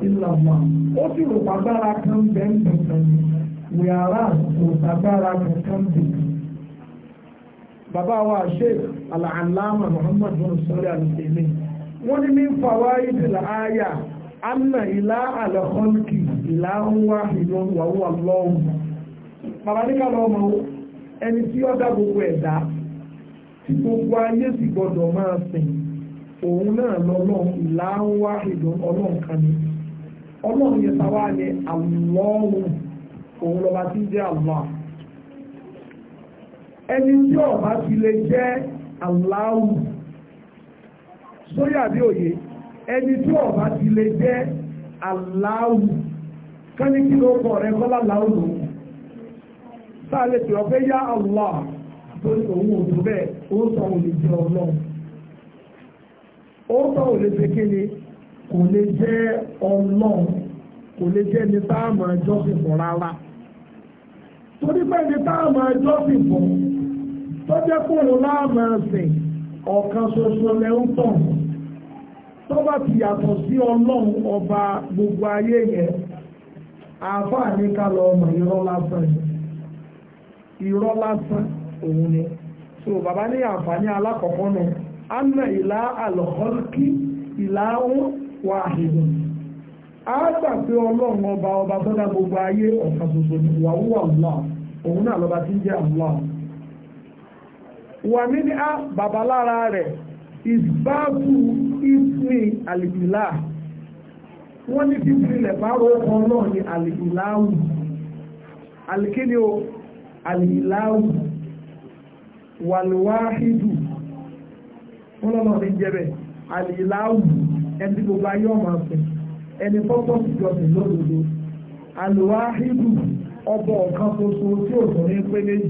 ìlàwà ó sì rò pàgbára kan bẹ́ẹ̀ bẹ́ẹ̀ wíyàrá kò pàgbára kankan bẹ́ẹ̀ bàbá wa sheikh alàlámà muhammad bin sọ́lẹ̀ alùsẹ̀lẹ̀ wọ́n ní ní fàwáyé ti làáyà anna ilá àlẹ́kọ́lùkì ilá ń wá ìlú wàwúwà lọ́wọ́ bàbá ní kálọ̀ ọmọ ẹni tí ó dá gbogbo ẹ̀dá tí gbogbo ayé sì gbọdọ̀ máa sìn òun náà lọ́lọ́run ìlà ń ìlú ọlọ́run kan ni ọlọ́run yẹn sáwá ni àlọ́run òun lọ́ba tí ń jẹ́ àlọ́ ẹni tí ọba ti lè jẹ́ aláwù sóyà bí òye ẹni tí ọba ti lè jẹ́ aláwù kání kí ló rẹ kọ́lá lò lè yá òun ò tó bẹ́ẹ̀ ó sọ òun lè ó sọ òun lè kí kò lè kò lè ní táàmù ẹjọ́ ní táàmù ẹjọ́ fìfọ́ tó jẹ́ kóòrò láàmà ẹ̀sìn ọ̀kan ṣoṣo lẹ́hún tàn tó bá ti yàtọ̀ sí ọlọ́run ọba gbogbo ayé yẹn àáfàá ní ká lọ ọmọ irọ́ lásán irọ́ lásán òun ni so bàbá ní àǹfààní alákọ̀ọ́kọ́ náà anna ìlà àlọ́kọ́lùkì ìlà òun wà àhìdùn a gbà pé ọlọ́run ọba ọba tó dá gbogbo ayé ọ̀kan ṣoṣo ni wàhùwà Allah òun náà lọ́ba tí ń jẹ́ Allah wà nínú á ah, bàbálára rẹ̀ ìbáàbù ìsmi àlìbìlà wọ́n ní bí ìpìlẹ̀ báwo kan náà ni àlìbìláwù àlìkíni o àlìbìláwù wàlúwáhídù wọ́n lọ́nà ní jẹ́bẹ̀ àlìbìláwù ẹni gbogbo ayé ọmọ àpẹ ẹni fọ́fọ́ ìjọsìn lódodo àlùwáhídù ọbọ̀ ọ̀kan ṣoṣo tí ò sọ ní pé méjì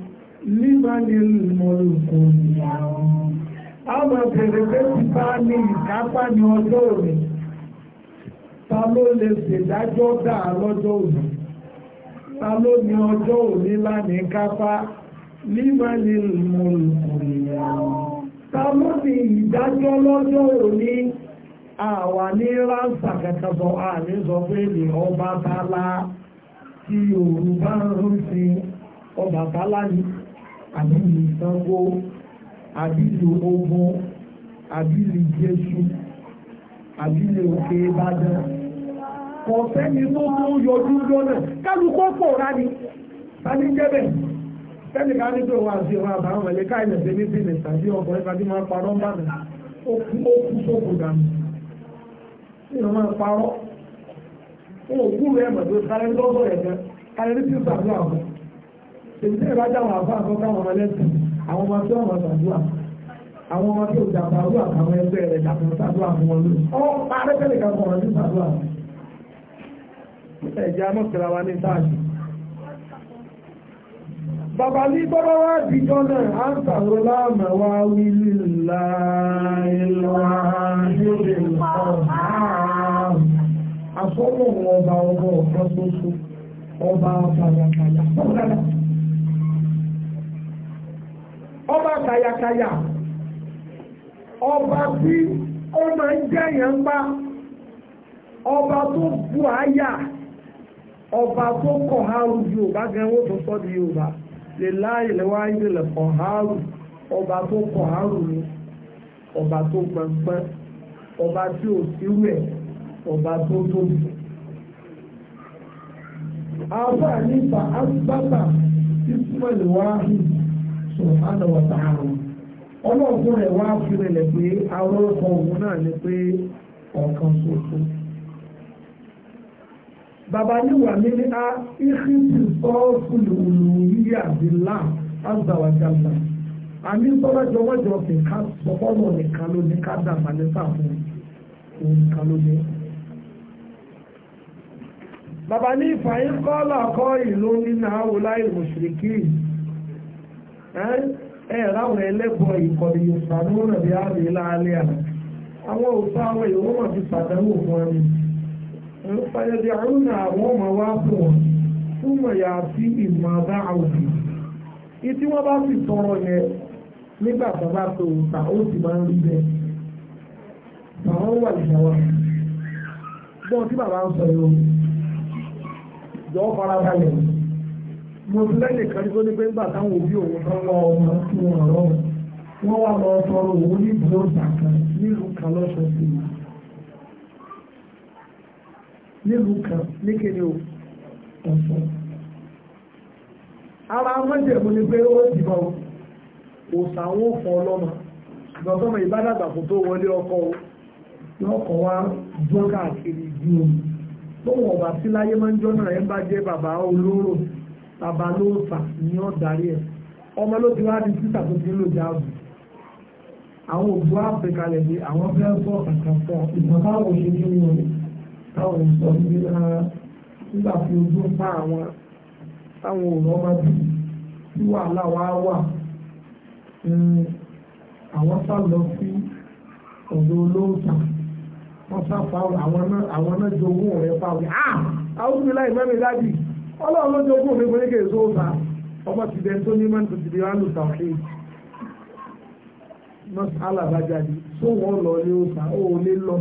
líbàlì mọ̀lùkù ìyàwó àwọn ọ̀bẹ̀rẹ̀ pé ti bá ní ìkápá ní ọjọ́ òní ta ló lè ṣèdájọ́ dà lọ́jọ́ òní ta ló ní ọjọ́ òní lánìí kápá líbàlì mọ̀lùkù ìyàwó ta ló ní ìdájọ́ lọ́jọ́ òní àwa ní ránṣà kẹkẹbọ àní sọ pé ní ọba tálá tí Yorùbá ń rú sí ọba tálá yìí àbílù ìsanwó àbílù ogun àbílù jésù àbílù òkè ìbàdàn kò sẹ́ni tó tó yọjú lọ́nà kálukọ́ pọ̀ rádi tani jẹ́bẹ̀ sẹ́ni ká ní tó wà sí ọmọ àbáwọn ẹ̀lẹ́ká ilẹ̀ tẹ́lẹ̀ tẹ́lẹ̀ tàbí ọkùnrin tàbí máa parọ́ bá mi ó kú ó kú sókò dànù nínú máa parọ́ ó kú rẹ̀ mọ̀ tó sáré lọ́sọ̀rẹ̀ gan kárẹ́ ní tí ó sàdúrà èyí tí ìbájá àfá àkọ́kọ́ àwọn ọmọ lẹ́sìn àwọn ọmọ tí ọmọ ṣàdúrà àwọn ọmọ tí ò dàgbà àrú àtàwọn ẹgbẹ́ rẹ̀ dàgbà ṣàdúrà fún wọn lónìí ọ arẹ́fẹ́lẹ̀ kan kọ̀ sí ṣàdúrà ẹ̀jẹ̀ amọ̀kẹ́ra wa ní táàjì bàbá ní bọ́bá wá dìjọ́ náà á ń sàrò láàmà wá wí lílá ìlú àjòyè àsọ́nà ọba ọba ọ̀kan ṣoṣo ọba àfàyàkàyà ọba kàyàkàyà ọba tí ó máa ń jẹ́yàn pa ọba tó bu àyà ọba tó kọ̀ haru yorùbá gan wọ́n tó sọ́ di yorùbá lè láàyè lẹ́wọ́ ayé lè kọ̀ haru ọba tó kọ̀ haru ni ọba tó gbọ̀ngbọ̀n ọba tí ò sírú ẹ̀ ọba tó tóbi àwọn àníbà asbábà ìsúmọ̀lẹ̀ wáhìn subhanahu wa ta'ala ọlọ́ọ̀gbọ́n rẹ̀ wá fi rẹ̀lẹ̀ pé àwọn òun náà ni pé ọ̀kan ṣoṣo bàbá ní a ìṣíbi sọ́ọ̀sù lòlù yíyí àbílà azàwàjàlà àmì sọ́lá kìka sọ́kọ́lọ̀ nìkan ló ní ká òun ló ní. bàbá ìlú nínú àwòlá ẹ̀rọ àwọn ẹlẹ́bọ̀ ìkọ̀lì yorùbá ní wọ́n nàbí àmì àná àwọn òfin àwọn ìwọ́n mọ̀ ti pàdánù fún ẹni ìpàdé àrùn náà àwọn ọmọ wa fún wọn túmọ̀ yà sí ìmọ̀ bá àwòrán ìtí wọ́n bá sì tọrọ yẹn nígbà tó bá tó ta ó sì máa ń rí bẹ́ẹ̀ àwọn wà ìṣàwọ̀ gbọ́n tí bàbá ń sọ yìí ó jọ fara balẹ̀ mo ti lẹ́yìn kan tó ní pé nígbà táwọn òbí òun lọ lọ ọmọ tí wọn rọ wọn wá lọ tọrọ òun ní ìbúrò ìsàkan nílùú kan lọ́sọ̀ sí i nílùú kan níkiri ọ̀sọ̀ ara mọ́jẹ̀mú ni pé ó ti bọ̀ òsàwọn òfin ọlọ́mọ ìbádàgbà kò tó wọlé ọkọ lọ́kọ̀ wá jọ́ káàkiri ìdí omi bàbá ló ń fà ní ọ̀darí ẹ̀ ọmọ ló ti wá di títà tó ti ń lò jáàbù àwọn òbú áfíríkà lè di àwọn fẹ́ fọ́ kàkà fọ́ ìgbà táwọn òṣèlú ní orí táwọn ìsọ ní ara ah, nígbà tí ojú ń pa àwọn táwọn òrò ọmọ bí tí wàhálà wá wà hmm, àwọn sá lọ sí ọ̀dọ̀ olóòtà wọ́n sá fa àwọn náà jogún ọ̀rẹ́ fáwọn àwọn òbí láì mẹ́rin dájú. ọlọ́run lójú ogún òní gbóríkè èso ọba ọmọ ti dẹ tó ní mọ́ tó ti di ránù tàfíì nọ́ọ̀sì alàbájáde tó wọ́n lọ ní ọ̀sà ó lé lọ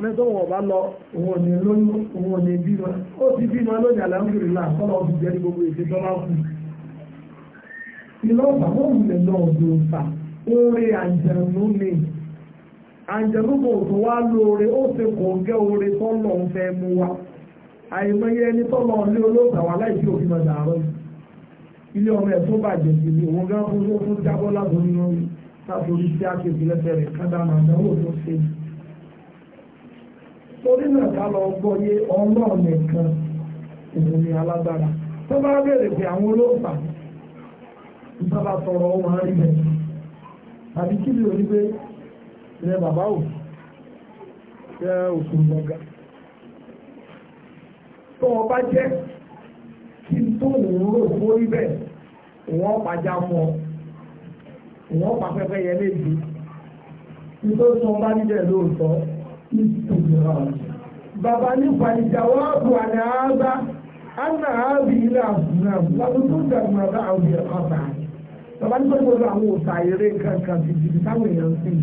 mẹ́tọ́ bá lọ òun ní lóyún òun ní bímọ ó ti bímọ lónìí kọ́lọ́ ti jẹ́ gbogbo tó bá kù kò tó wá lóore ó ti kò gẹ́ oore fẹ́ mú wa. àìmọye ẹni tọ́lọ ní olóòtú àwọn aláìsí òfin ọjà àárọ̀ ilé ọmọ ẹ̀ tó bàjẹ́ sí ni òun gán fún ló fún jábọ́ lábọ́ nínú látòrí sí àkèsí lẹ́sẹ̀ rẹ̀ kádà máa dánwò tó ṣe. torí náà ká lọ gbọ́ yé ọlọ́ọ̀ nìkan òun ni alágbára tó bá bẹ̀rẹ̀ pé àwọn olóòtú ń sábà tọrọ ọmọ rí bẹ̀ tàbí kí ni òní pé ilẹ̀ bàbá ò ṣe òṣùlọ́gà tó wọn bá jẹ́ kí n tó ń rò fórí bẹ́ẹ̀ wọ́n pàjá fún ọ wọ́n pa pẹ́pẹ́ yẹn lébi nítorí tí wọ́n bá níbẹ̀ lóòótọ́ ní ìtura ọ̀jẹ̀. bàbá ní fàìjàwọ́ àbùwàdà ààbá anna ààbì ilẹ̀ àbùnà lábùtú ìdàgbà bá àwọn èèyàn ọ̀tà. bàbá ní sọ́kòtò àwọn òòtà eré kankan ti jìbìtà àwọn èèyàn sí i.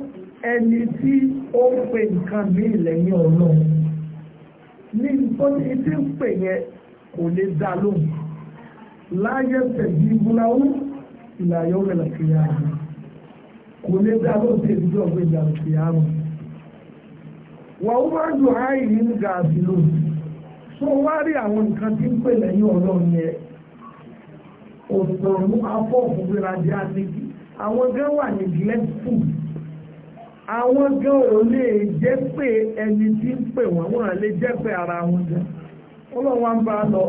ẹni tí ó ń pè nǹkan ní ìlẹ́yìn ní nítorí tí ń pè yẹn kò lè dá lóhùn láyé tẹ̀jú ìbúláwú ìlàyọ̀ rẹ̀ kìíyà kò lè dá lóhùn tí èdè ọ̀gbìn ìjà kìíyà rẹ̀ wà ó máa ń dùn àti lóhùn tó wá pè lẹ́yìn yẹn afọ́ jẹ́ àwọn gan wà ní àwọn gan ò lè jẹ́ pé ẹni tí ń pè wọ́n wọ́n lè jẹ́ pé ara wọn gan ọlọ́run wa ń bá a lọ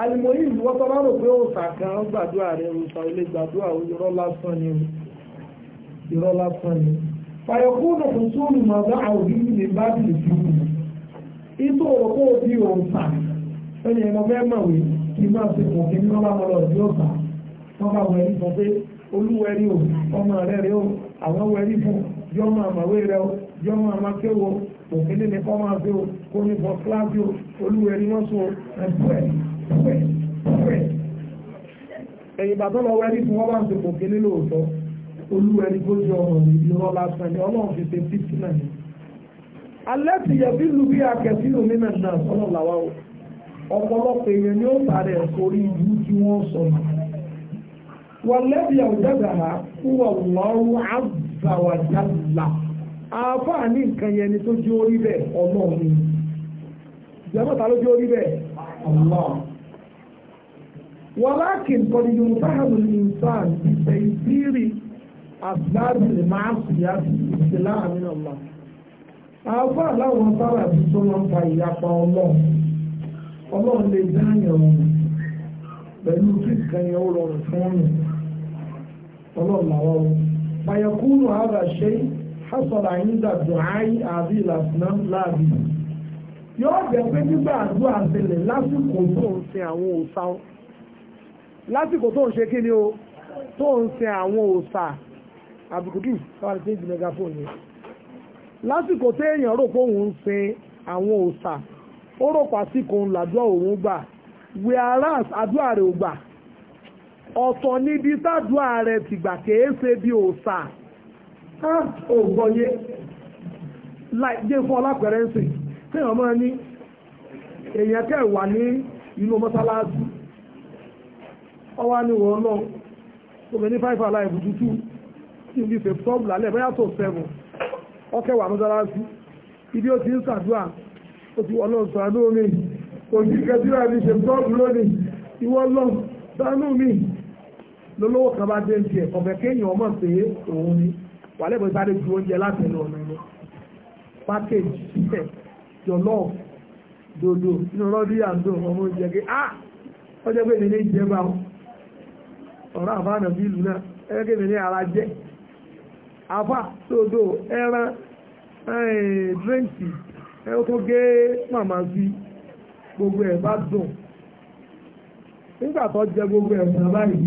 alimoyi ìwọ́n tó bá rò pé ó sàkán ó gbàdúrà rẹ̀ òòsàn ilé gbàdúrà ó irọ́ lásán ni irọ́ lásán ni fàyọkúnnù kò sóòlù màdá àwòrí ní bá ti fi wù ìtò òkú òbí òòsà ẹni ẹ̀mọ́ fẹ́ kí n máa ṣe kí ní wọ́n bá mọ̀ lọ wọ́n bá wẹ̀rí fún pé olúwẹ̀rí o ọmọ rẹ̀ rẹ̀ o àwọn wẹ̀rí fún yọ ọmọ àmàwé rẹ o yọ ọmọ àmàké wo òkèlè ní kọ́ máa fi o kó ní bọ́ kíláàsì o olúwẹ̀ ni wọ́n so ẹ̀fúẹ̀ ẹ̀fúẹ̀ ẹ̀fúẹ̀. ẹ̀yìn bàtọ́ lọ wẹ́rí fún wọn bá ń ṣe òkèlè lóòótọ́ olúwẹ̀ ni kó jẹ ọ̀rọ̀ ìbí wọn lásán ni ọlọ́run fi ṣe fífi náà ni. alẹ́ ti yẹ bí lu bí akẹ́sí lómi náà náà sọ́nà làwa o ọ̀pọ̀lọpọ̀ èèyàn ni ó sàrẹ̀ sórí ìlú tí wọ́n sọ wọ́n lẹ́bi àwùjọ zawajalla àáfàá ní nǹkan yẹn ni tó jẹ́ orí bẹ́ẹ̀ ọlọ́run ni ìjọba ta ló jẹ́ orí bẹ́ẹ̀ Allah walakin kọ́ni yorùbá hàmùn ìsàn ìfẹ́ ìbírì àbúrò lè máa fi yá ìṣẹ̀lá àmì ọ̀la àáfàá láwọn sábà ti tó lọ́n fa ìyapa ọlọ́run ọlọ́run lè dáyàn ọ̀hún pẹ̀lú kíkan yẹn ó rọrùn fún ọ̀nà ọlọ́run làwọn ọ̀hún fàyẹ̀kúnù àbà ṣe hásọ̀lá àyíǹda dùnàáyí àbí ìlàsínà láàbí yóò jẹ́ pé nígbà àdúrà ṣẹlẹ̀ lásìkò tó ń sin àwọn òòṣà lásìkò tó ń ṣe kí ni o tó ń sin àwọn òòṣà àbùkùdù káwọn ti ń di megaphone yẹn lásìkò téèyàn rò pé òun ń sin àwọn òòṣà ó rò pàṣíkò ńlàdúrà òun gbà wíárás àdúrà rẹ̀ ò gbà ọ̀tọ̀ níbi tádùá rẹ̀ tìgbà kèé ṣe bí òòsà ògbọ́yé jẹ́ fún ọlápẹ̀rẹ́ ń tí wọ́n máa ní èèyàn wà ní inú mọ́sálásí ọwá ni wọ́n náà tó ní five alive tútù tí ibi fẹ́ tọ́bù lálẹ́ bóyá tó sẹ́mu ọkẹ́ mọ́sálásí ibi ó ti ń ó ti wọ́n mi òjì kẹsíra ṣe lónìí ìwọ́n náà mi lólówó kan bá dé ń tiẹ̀ ọ̀fẹ́ kéèyàn ọmọ pé òun ni wà lẹ́gbẹ̀ẹ́ sáré ju oúnjẹ láti ẹnu ọ̀nà ẹni package sílẹ̀ jọlọ́ọ̀ dodo inú rọ́dí àǹdó ọmọ oúnjẹ ké á ah! ọjọ́ pé nílé ìjẹba ọ̀rọ̀ àbáànà bí ìlú náà ẹgbẹ́ kéèmì ní ara jẹ́ àfà dodo ẹran dírẹ́ǹtì ẹ̀rọ tó gé màmá sí gbogbo ẹ̀ bá dùn nígbà tó jẹ gbogbo ẹ̀ bàbá yìí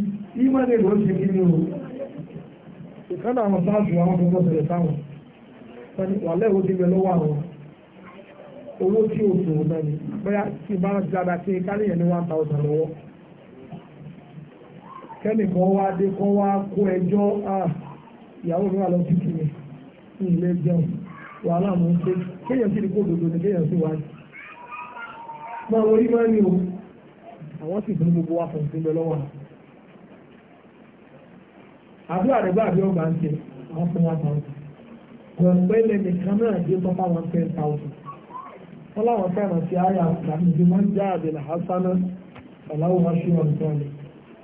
ìmọ̀lẹ̀ ló ń ṣe kí ni o ìkánà àwọn sáàsù àwọn tó mọ́sẹ̀lẹ̀ sáwọn wà lẹ́wọ́ ti bẹ lọ́wọ́ àwọn owó tí o tò náà ni bóyá tí bá rántí dáadáa kí kárí yẹn ní one thousand lọ́wọ́ kẹ́nìkan wá dé kọ́ wá kó ẹjọ́ ìyàwó mi wà lọ sí kìíní ní ilé jẹun wàhálà mò ń ṣe kéèyàn sì ní kó dòdò ní kéèyàn sì wáyé máa wọlé máa ń ní o àwọn sì fún gbogbo wa fún ìsinmi lọ́wọ́ àwọn. àdúrà rẹ̀ àbí ọgbà ń tẹ wọ́n fún one thousand gbọ̀ngbẹ́ lẹ́nu kan náà dé tọ́pá one ten thousand wọ́n láwọn fẹ́ràn sí àyà àtàkùnjú máa ń já àbẹ̀lẹ̀ hasana ọ̀làwọ̀ wáṣú ọ̀dùnkàn ni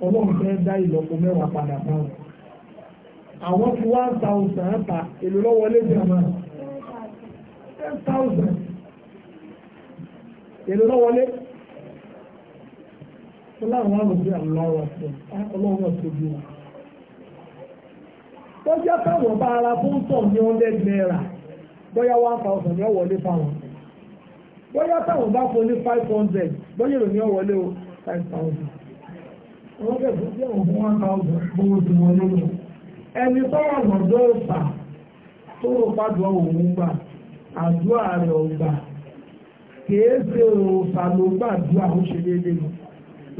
ọlọ́run fẹ́ dá padà báwọn. àwọn ta èlò ten thousand èlò àlọ́ bọ́já táwọn bá ara bóńtọ̀ ní hundred mẹ́ra one thousand ní ọ̀wọ́lé fáwọn bóyá táwọn bá five hundred ní five thousand. wọ́n bẹ̀ fún bí fún one thousand gbówó ti wọlé ẹni tọ́wọ́ ọ̀fà tó ló pàdùn òun gbà àdúrà rẹ̀ ọ̀gbà kìí ṣe òòfà ló gbàdúrà ó ṣe lọ.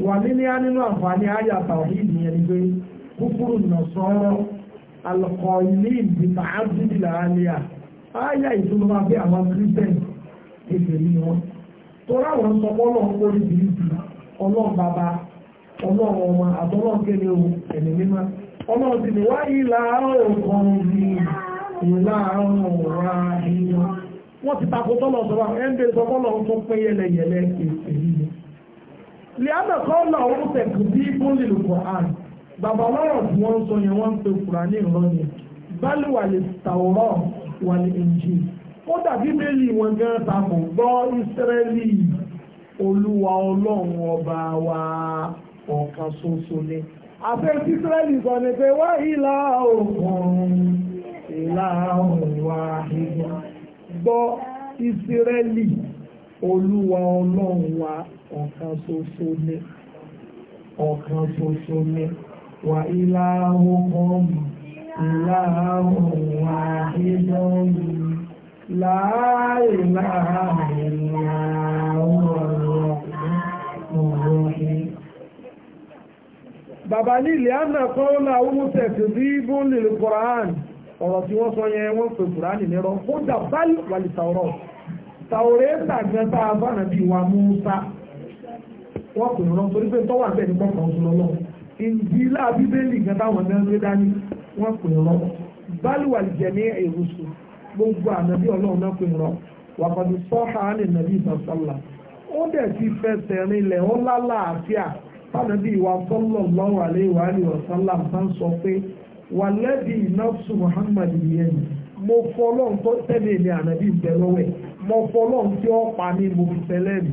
wà ní ní á nínú àǹfààní alọ́kọ̀ ilé ìdí màájúdì làálíà ááyà ìtumọ̀ máa bí àwọn christian èdè ní wọn torí àwọn sọpọ́ ọlọ́run kórè bìrìbì ọlọ́run bàbá ọlọ́run ọmọ àtọ́lọ́run kéde o ẹ̀mí mímá ọlọ́run ti ní wá ìlà ọ̀kan ní ìlà ọ̀rá ìyọ wọ́n ti takò tọ́lọ̀ sọ́wọ́ ẹ̀ ń bèrè sọpọ́ ọlọ́run tó pín yẹlẹyẹlẹ èsì yìí lẹ́yìn àbẹ̀kọ́ ọlọ́run tẹ̀kù bí bólìlù bàbá lọ́rọ̀ tí wọ́n ń sọ yẹn wọ́n ń pe Kùránì ìrọ́ni bali wàlẹ̀ tàwọ́rọ̀ wàlẹ̀ èjì ó dàbí bẹ́ẹ̀lì wọn gan ta kò gbọ́ Ísírẹ́lì olúwa ọlọ́run ọba wa ọ̀kan ṣoṣo ni àfẹ́ Ísírẹ́lì sọ ni pé wá ìlà òkun ìlà òwà ìgbà gbọ́ Ísírẹ́lì olúwa ọlọ́run wa ọ̀kan ṣoṣo ni ọ̀kan ṣoṣo ni wà ìlàhùn ìlàhùn wà ìdọ́rùn láàrín láàrín ọ̀rọ̀ ọ̀rọ̀ bàbá ní ilẹ̀ àmà kọ́ọ́lá oúnjẹ tẹ̀sí bó lè kọ̀rán ọ̀rọ̀ tí wọ́n sọ yẹn wọ́n pè kùránì nírọ́ ó dà báyìí wàlì tàwọ̀rọ̀ tàwọ̀rẹ́ tàgbẹ́ta abánàbí wa mú sá wọ́n pè rán torí tọ́wà bẹ́ẹ̀ ní kọ́kàn ìjìlá bíbélì kan táwọn náà gbé dání wọ́n pè rọ báluwà jẹ ní èrùsù gbogbo ànábì ọlọ́run náà pè rọ wàkọ̀dù sọ́ha ní nàbí ìsọ̀sọ́là ó dẹ̀ ti fẹsẹ̀ rinlẹ̀ ó lálàáfíà fànàbí ìwà sọ́lọ̀ lọ́wọ́ àlẹ́ ìwà àlẹ́ ala bá sọ Muhammad mo fọlọ́n tó tẹ́lẹ̀ ní ànábì mo fọlọ́n tí ó pa ní mo fi tẹ́lẹ̀ mi.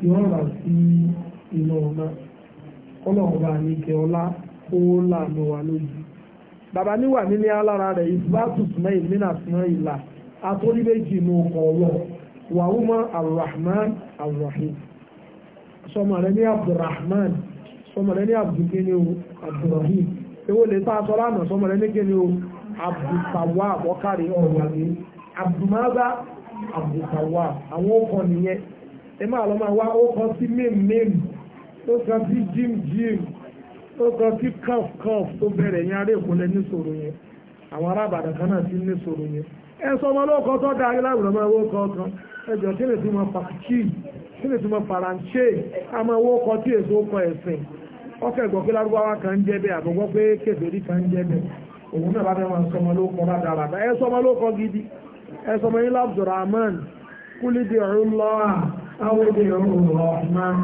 tí wọ́n rà sí iná ọ̀nà ọlọ́ọ̀bá ní kẹ ọlá ó láàánú wa lójú bàbá níwà nílé alára rẹ̀ ìfúbátù súnmọ́ ìmínà súnmọ́ ìlà atóríbéjì inú ọkọ̀ ọlọ́ wàhúmọ́ alrahman alrahim sọmọ rẹ̀ ní abdulrahman sọmọ rẹ̀ ní abdulkini o abdulrahim ewó lè tá a sọ lánà sọmọ rẹ̀ ní kíni o abdulkawa àbọ̀kárì ọ̀rọ̀ abdulmaba abdulkawa àwọn ọkọ̀ nìyẹn ẹ máa wa ó kọ sí mẹ́mẹ́m ó kọ sí jim jim ó kọ sí cough cough tó bẹ̀rẹ̀ yẹn ará èkó lẹ nye yẹn àwọn ará àbàdàn kan náà ti níṣòro yẹn ẹ sọ ọmọ lóko tó dáa kan ẹ jọ kí lè ti mọ pàkíkì kí lè ti mọ faransé a máa wó tí èso kọ ẹ̀sìn ọkọ̀ ẹ̀gbọ́n pé lárúbáwá kan ń jẹ́ pé gidi ẹ sọmọ yín láwùjọ rahman kúlídìí awédè Rahman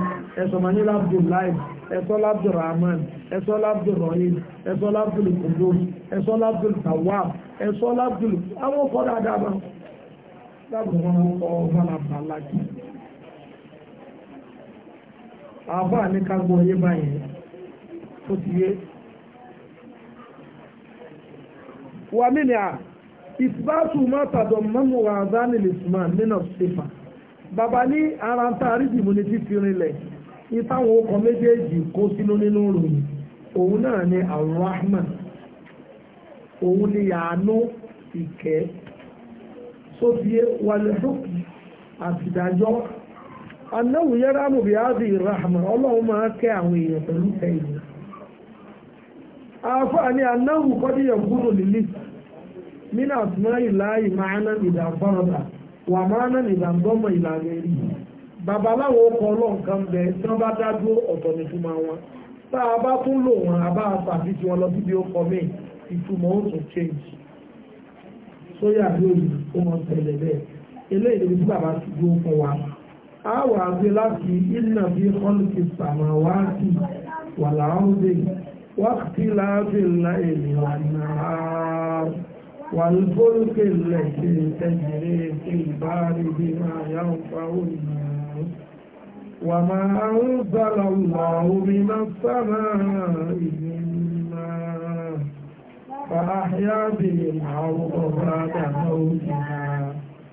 ẹ̀sọ̀mọ̀ ní Abdullahi ẹ̀sọ́ Abdurrahman ẹ̀sọ́ Abdurrahim ẹ̀sọ́ Abdulqudus ẹ̀sọ́ Abdultawwab ẹ̀sọ́ Abdul àwọn ọkọ̀ dáadáa bá dábò wọn kọ́ balabala kí. àbá ní ká gbọ́ yé báyìí ó ti yé. wàmí ni a ìsibáàtù má tàdọ̀ mọ́mú wàhálà nílùú Usman nínú sífà bàbá ní ara ń taari dìbò ní fífi rinlẹ̀ ìtàwọn ọkọ̀ méjèèjì kó sínú nínú ròyìn òun náà ni arahman òun ni yàánú ìkẹ́ sófìyé wàlẹ́hùkì àtìdájọ́ anáwó yẹ́rá mú bí áàdì ìrahàmà ọlọ́run máa kẹ́ àwọn èèyàn pẹ̀lú ẹ̀yìn afọ́ ni kọ́díyàn kúrò nílì nínú àtúnmọ́ ìlà ìmáàná ìdàgbọ́nà wà máa ná nìlà ń dọ́mọ ìlànà rí babaláwo kọ ọlọ́nkan bẹ tí wọ́n bá dá dúró ọ̀tọ̀ nìtumọ̀ wọn tá a bá tún lò wọn a bá tàbí tí wọn lọ síbi ó kọ ìtumọ̀ ó tún change sóyà lórí ó mọ̀ tẹ̀lẹ̀ bẹ́ẹ̀ eléyìí ló ti bàbá ti dúró fún wa a wà á gbé láti iná bí kọ́lùkì sàmà wá sí wàlà áwùdè wákìtí láàbì ńlá ènìyàn náà. والفلك التي تجري في البحر بما ينفع الناس وما أنزل الله من السماء من فأحيا به الأرض بعد موتها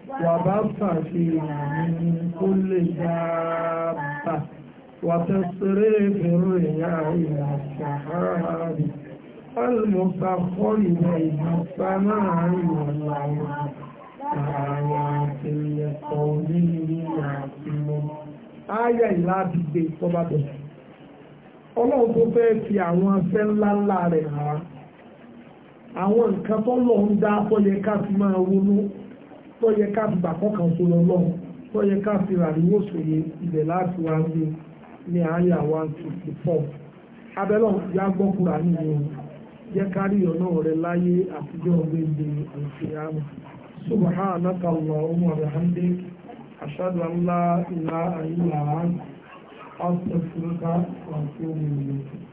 وبص فيها من كل دابة وتصريف الرياح إلى السحاب المسخر بين السماء والأرض لآيات لقوم يعقلون Áyà ìlà àdìgbè ìtọ́ba bẹ̀rẹ̀. Ọlọ́run tó fẹ́ fi àwọn afẹ́ ńlá ńlá rẹ̀ hàn wá. Àwọn nǹkan tó lọ ń dá tó yẹ ká fi máa wọnú, tó yẹ ká fi bàkọ́ kan tó lọ lọ́hùn, tó yẹ ká fi ràdíwò sòye ibẹ̀ láti ní jẹ́ kárí ọ̀nà rẹ̀ láyé àtijọ́ gbèdé àlùfíàmù subhanaka allahumma wa bihamdik ashhadu an la ilaha illa anta astaghfiruka wa atubu ilayk